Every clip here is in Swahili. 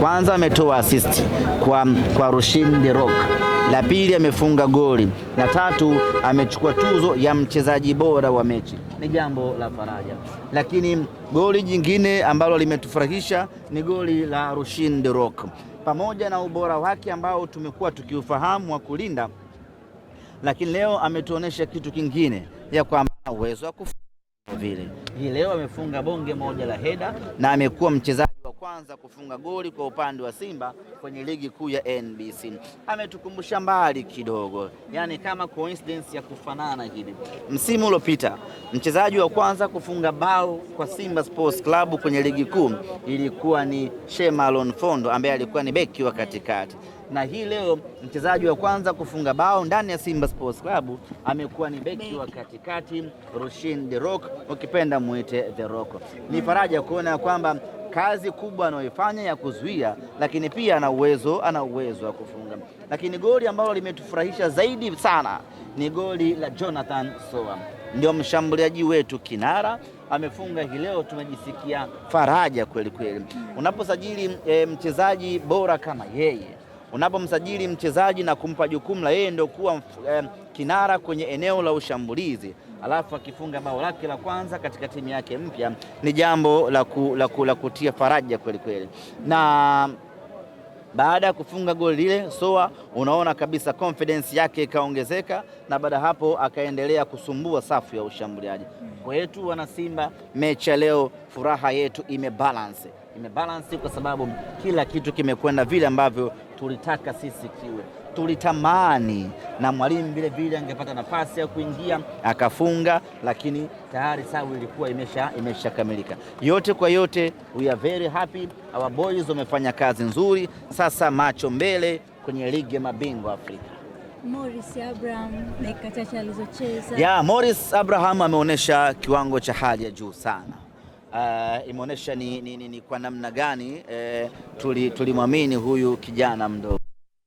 kwanza ametoa assist kwa, kwa Rushin De Rock. la pili amefunga goli, la tatu amechukua tuzo ya mchezaji bora wa mechi. Ni jambo la faraja, lakini goli jingine ambalo limetufurahisha ni goli la Rushin De Rock. pamoja na ubora wake ambao tumekuwa tukiufahamu wa kulinda, lakini leo ametuonesha kitu kingine ya kwamba uwezo wa kufunga vile. Hii leo amefunga bonge moja la heda na amekuwa mchezaji kwanza kufunga goli kwa upande wa Simba kwenye ligi kuu ya NBC. Ametukumbusha mbali kidogo, yaani kama coincidence ya kufanana hivi. Msimu uliopita mchezaji wa kwanza kufunga bao kwa Simba Sports Club kwenye ligi kuu ilikuwa ni Shemalon Fondo ambaye alikuwa ni beki wa katikati na hii leo mchezaji wa kwanza kufunga bao ndani ya Simba Sports Club amekuwa ni beki wa katikati Rushin The Rock, ukipenda muite The Rock. Ni faraja kuona kwamba kazi kubwa anayoifanya ya kuzuia, lakini pia ana uwezo ana uwezo wa kufunga. Lakini goli ambalo limetufurahisha zaidi sana ni goli la Jonathan Soa, ndio mshambuliaji wetu kinara, amefunga hii leo. Tumejisikia faraja kweli kweli unaposajili e, mchezaji bora kama yeye Unapomsajili mchezaji na kumpa jukumu la yeye ndio kuwa eh, kinara kwenye eneo la ushambulizi alafu akifunga bao lake la kwanza katika timu yake mpya ni jambo la, ku, la, ku, la kutia faraja kweli kweli na baada ya kufunga goli lile Soa unaona kabisa confidence yake ikaongezeka, na baada hapo akaendelea kusumbua safu ya ushambuliaji. Kwetu wana Simba, mechi ya leo furaha yetu imebalance imebalansi kwa sababu kila kitu kimekwenda vile ambavyo tulitaka sisi kiwe tulitamani na mwalimu vile vile angepata nafasi ya kuingia akafunga, lakini tayari sawa ilikuwa imesha imeshakamilika. Yote kwa yote, we are very happy, our boys wamefanya kazi nzuri. Sasa macho mbele kwenye ligi ya mabingwa Afrika. Morris Abraham dakika chache alizocheza, yeah, Morris Abraham ameonyesha kiwango cha hali ya juu sana uh, eh, imeonyesha ni, ni, ni, ni kwa namna gani eh, tulimwamini tuli huyu kijana mdogo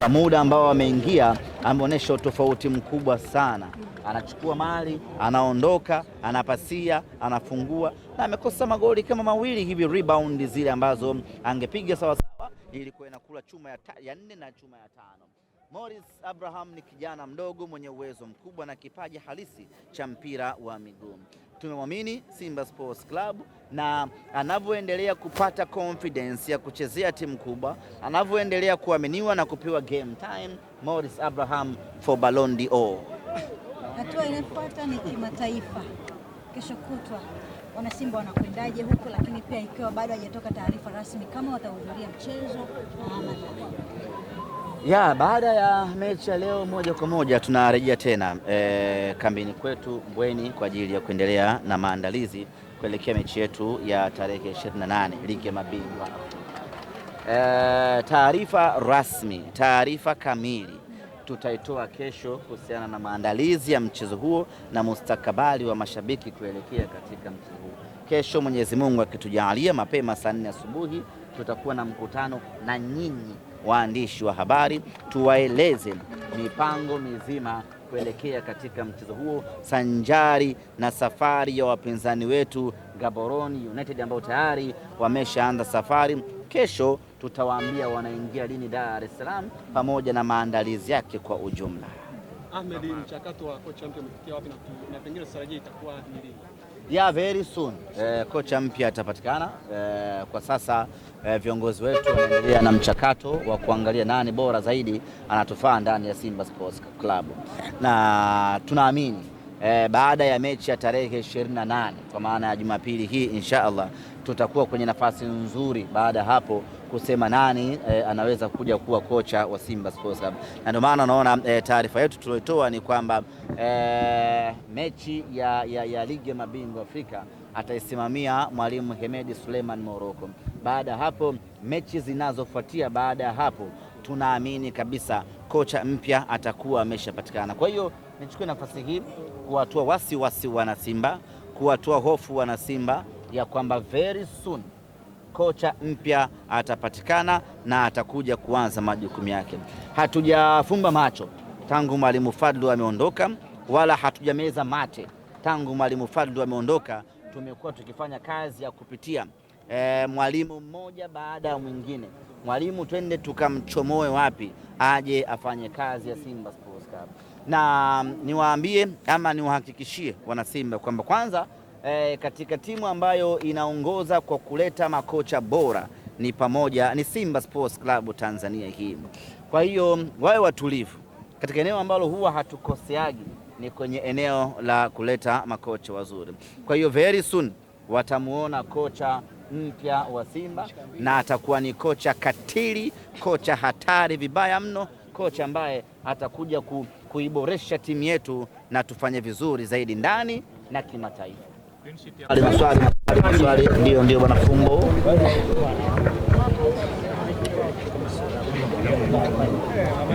kwa muda ambao ameingia, ameonyesha utofauti mkubwa sana. Anachukua mali, anaondoka, anapasia, anafungua na amekosa magoli kama mawili hivi, rebound zile ambazo angepiga sawasawa, ilikuwa inakula chuma ya, ya nne na chuma ya tano. Morris Abraham ni kijana mdogo mwenye uwezo mkubwa na kipaji halisi cha mpira wa miguu. Tumemwamini Simba Sports Club na anavyoendelea kupata confidence ya kuchezea timu kubwa, anavyoendelea kuaminiwa na kupewa game time, Morris Abraham for Ballon d'Or. Hatua inayofuata ni kimataifa, kesho kutwa. Wanasimba wanakwendaje huko? Lakini pia ikiwa bado hajatoka taarifa rasmi kama watahudhuria mchezo ama ya, baada ya mechi ya leo moja kwa moja tunarejea tena e, kambini kwetu Mbweni kwa ajili ya kuendelea na maandalizi kuelekea mechi yetu ya tarehe 28 ligi ya mabingwa. E, taarifa rasmi, taarifa kamili tutaitoa kesho kuhusiana na maandalizi ya mchezo huo na mustakabali wa mashabiki kuelekea katika mchezo huo. Kesho Mwenyezi Mungu akitujalia, mapema saa nne asubuhi tutakuwa na mkutano na nyinyi waandishi wa habari, tuwaeleze mipango mizima kuelekea katika mchezo huo sanjari na safari ya wapinzani wetu Gaborone United ambao tayari wameshaanza safari. Kesho tutawaambia wanaingia lini Dar es Salaam pamoja na maandalizi yake kwa ujumla. Ahmed, mchakato wa kocha mpya umefikia wapi na pengine itakuwa ni lini? Yeah, very soon. Eh, kocha mpya atapatikana. Eh, kwa sasa eh, viongozi wetu wanaendelea na mchakato wa kuangalia nani bora zaidi anatufaa ndani ya Simba Sports Club na tunaamini eh, baada ya mechi ya tarehe 28 kwa maana ya Jumapili hii inshaallah tutakuwa kwenye nafasi nzuri baada ya hapo kusema nani e, anaweza kuja kuwa kocha wa Simba Sports Club. Na ndio maana unaona e, taarifa yetu tulioitoa ni kwamba e, mechi ya, ya, ya ligi ya mabingwa Afrika ataisimamia mwalimu Hemedi Suleiman Morocco. Baada ya hapo, mechi zinazofuatia baada ya hapo, tunaamini kabisa kocha mpya atakuwa ameshapatikana. Kwa hiyo nichukue nafasi hii kuwatoa wasiwasi wanasimba, kuwatoa hofu wanasimba ya kwamba very soon kocha mpya atapatikana na atakuja kuanza majukumu yake. Hatujafumba macho tangu mwalimu Fadlu ameondoka, wala hatujameza mate tangu mwalimu Fadlu ameondoka. Tumekuwa tukifanya kazi ya kupitia e, mwalimu mmoja baada ya mwingine. Mwalimu twende tukamchomoe wapi aje afanye kazi ya Simba Sports Club, na mm, niwaambie ama niwahakikishie wanasimba kwamba kwanza e, katika timu ambayo inaongoza kwa kuleta makocha bora ni pamoja ni Simba Sports Club Tanzania hii. Kwa hiyo wawe watulivu katika eneo ambalo huwa hatukoseagi ni kwenye eneo la kuleta makocha wazuri. Kwa hiyo very soon watamuona kocha mpya wa Simba na atakuwa ni kocha katili, kocha hatari vibaya mno, kocha ambaye atakuja ku, kuiboresha timu yetu na tufanye vizuri zaidi ndani na kimataifa. Maswali, maswali. Ndio, ndio bwana Fumbo.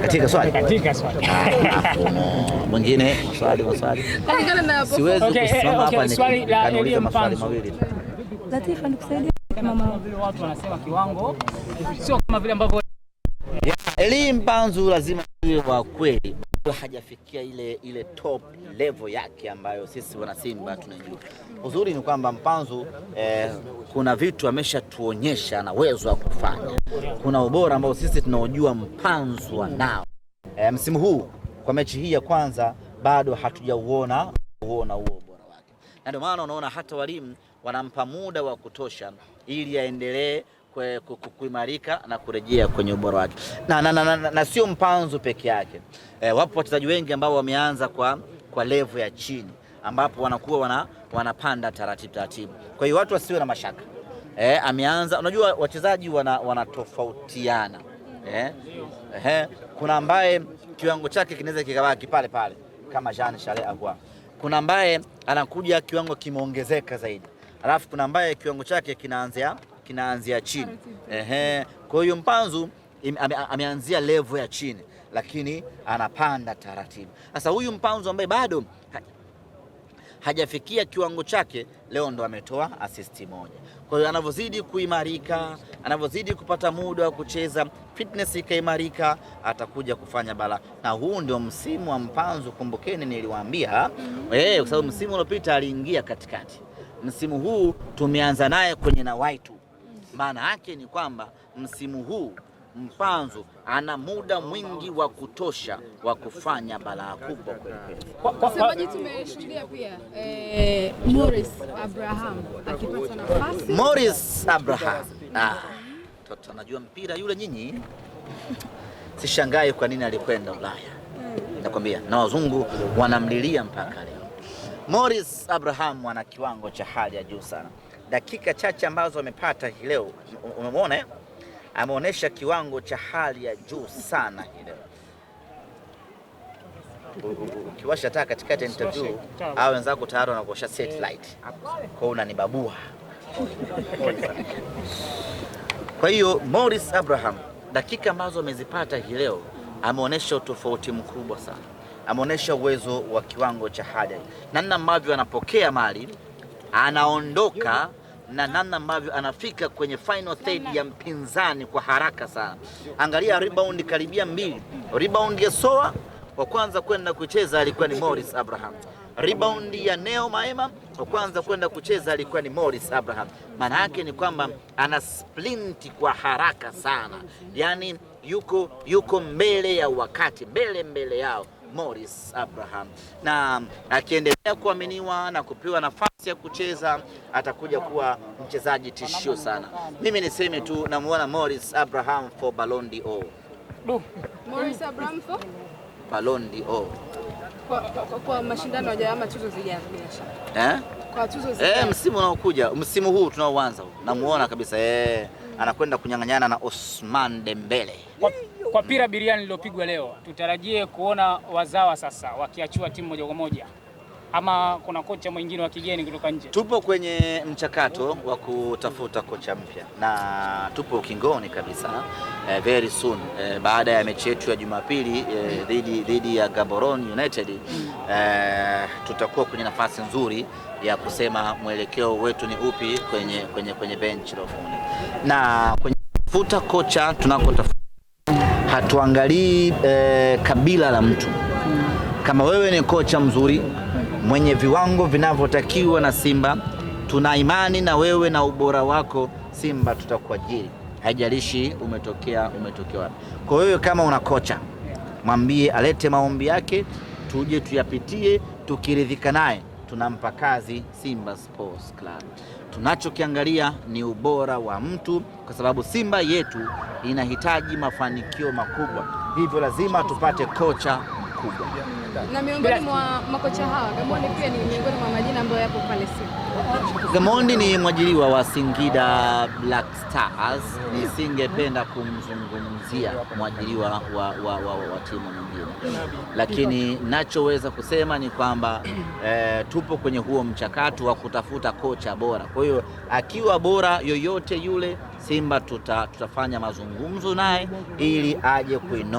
Katika swali ah, mwingine, swali, swali. Siwezi kusimama hapa nikauliza maswali mawili. Latifa, nikusaidie mama. Vile watu wanasema kiwango sio kama vile ambavyo elimu Mpanzu lazima iwe wa kweli, hajafikia ile ile top level yake ambayo sisi wana Simba tunajua. Uzuri ni kwamba Mpanzu eh, kuna vitu ameshatuonyesha na uwezo wa kufanya, kuna ubora ambao sisi tunaojua Mpanzu anao. Eh, msimu huu kwa mechi hii ya kwanza bado hatujauona uona huo na ndio maana unaona hata walimu wanampa muda wa kutosha ili aendelee kuimarika na kurejea kwenye ubora wake, na, na, na, na, na, na sio mpanzu peke yake. E, wapo wachezaji wengi ambao wameanza kwa, kwa levu ya chini ambapo wanakuwa wana, wanapanda taratibu taratibu. Kwa hiyo watu wasiwe na mashaka e, ameanza. Unajua wachezaji wanatofautiana wana eh, e, kuna ambaye kiwango chake kinaweza kikabaki pale pale kama Jean Charles Ahoua kuna ambaye anakuja kiwango kimeongezeka zaidi, alafu kuna ambaye kiwango chake kinaanzia kinaanzia chini. Ehe, kwa hiyo mpanzu ame, ameanzia levo ya chini, lakini anapanda taratibu. Sasa huyu mpanzu ambaye bado hajafikia kiwango chake, leo ndo ametoa asisti moja. Kwa hiyo anavyozidi kuimarika, anavyozidi kupata muda wa kucheza fitness ikaimarika, atakuja kufanya bala. Na huu ndio msimu wa mpanzu, kumbukeni niliwaambia mm -hmm. Eh, kwa sababu msimu uliopita aliingia katikati, msimu huu tumeanza naye kwenye na tu. Maana yake ni kwamba msimu huu mpanzu ana muda mwingi wa kutosha wa kufanya balaa kubwa kweli kweli. tumeshuhudia pia eh, Morris Abraham akipata nafasi. Morris Abraham ah mtoto anajua mpira yule. Nyinyi sishangai kwa nini alikwenda Ulaya, nakwambia na wazungu wanamlilia mpaka leo. Morris Abraham ana kiwango cha hali ya juu sana. Dakika chache ambazo amepata hii leo, umemwona eh? ameonyesha kiwango cha hali ya juu sana hii leo. Ukiwasha taa katikati ya interview, hao wenzako tayari wanakuosha satellite, kwa hiyo unanibabua kwa hiyo Morris Abraham dakika ambazo amezipata hii leo ameonyesha utofauti mkubwa sana, ameonyesha uwezo wa kiwango cha hali na namna ambavyo anapokea mali anaondoka na namna ambavyo anafika kwenye final third ya mpinzani kwa haraka sana. Angalia rebound karibia mbili, rebound ya Soa wa kwanza kwenda kucheza alikuwa ni Morris Abraham, rebound ya Neo Maema wa kwanza kwenda kucheza alikuwa ni Morris Abraham. Maana yake ni kwamba ana splint kwa haraka sana, yaani yuko, yuko mbele ya wakati, mbele mbele yao Morris Abraham, na akiendelea kuaminiwa na kupewa nafasi ya kucheza atakuja kuwa mchezaji tishio sana. Mimi niseme tu namuona Morris Abraham for Ballon d'Or. Morris Abraham for Ballon d'Or mashindano ama tuzo zijazo Eh? Kwa tuzo eh, zijazo. Eh, msimu unaokuja, msimu huu tunaoanza huu. Namuona kabisa eh, mm. Anakwenda kunyang'anyana na Osman Dembele. Kwa, kwa pira biriani lilopigwa leo, tutarajie kuona wazawa sasa wakiachua timu moja kwa moja ama kuna kocha mwingine wa kigeni kutoka nje? Tupo kwenye mchakato wa kutafuta kocha mpya na tupo ukingoni kabisa, eh, very soon eh, baada ya mechi yetu ya Jumapili eh, dhidi ya Gaborone United eh, tutakuwa kwenye nafasi nzuri ya kusema mwelekeo wetu ni upi kwenye kwenye kwenye bench la ufundi na kwenye tafuta kocha tunakotafuta hatuangalii eh, kabila la mtu. Kama wewe ni kocha mzuri mwenye viwango vinavyotakiwa na Simba. Tuna imani na wewe na ubora wako Simba, tutakuajiri haijalishi umetokea umetokea wapi. Kwa hiyo kama una kocha mwambie alete maombi yake, tuje tuyapitie, tukiridhika naye tunampa kazi Simba Sports Club. Tunachokiangalia ni ubora wa mtu, kwa sababu Simba yetu inahitaji mafanikio makubwa, hivyo lazima tupate kocha kubwa. Na miongoni mwa makocha hawa Gamondi pia ni miongoni mwa majina ambayo yapo pale Simba. Gamondi ni mwajiriwa wa Singida Black Stars. Nisingependa kumzungumzia mwajiriwa wa, wa, wa, wa, wa timu nyingine, lakini nachoweza kusema ni kwamba eh, tupo kwenye huo mchakato wa kutafuta kocha bora. Kwa hiyo akiwa bora yoyote yule Simba tuta, tutafanya mazungumzo naye ili aje kuinua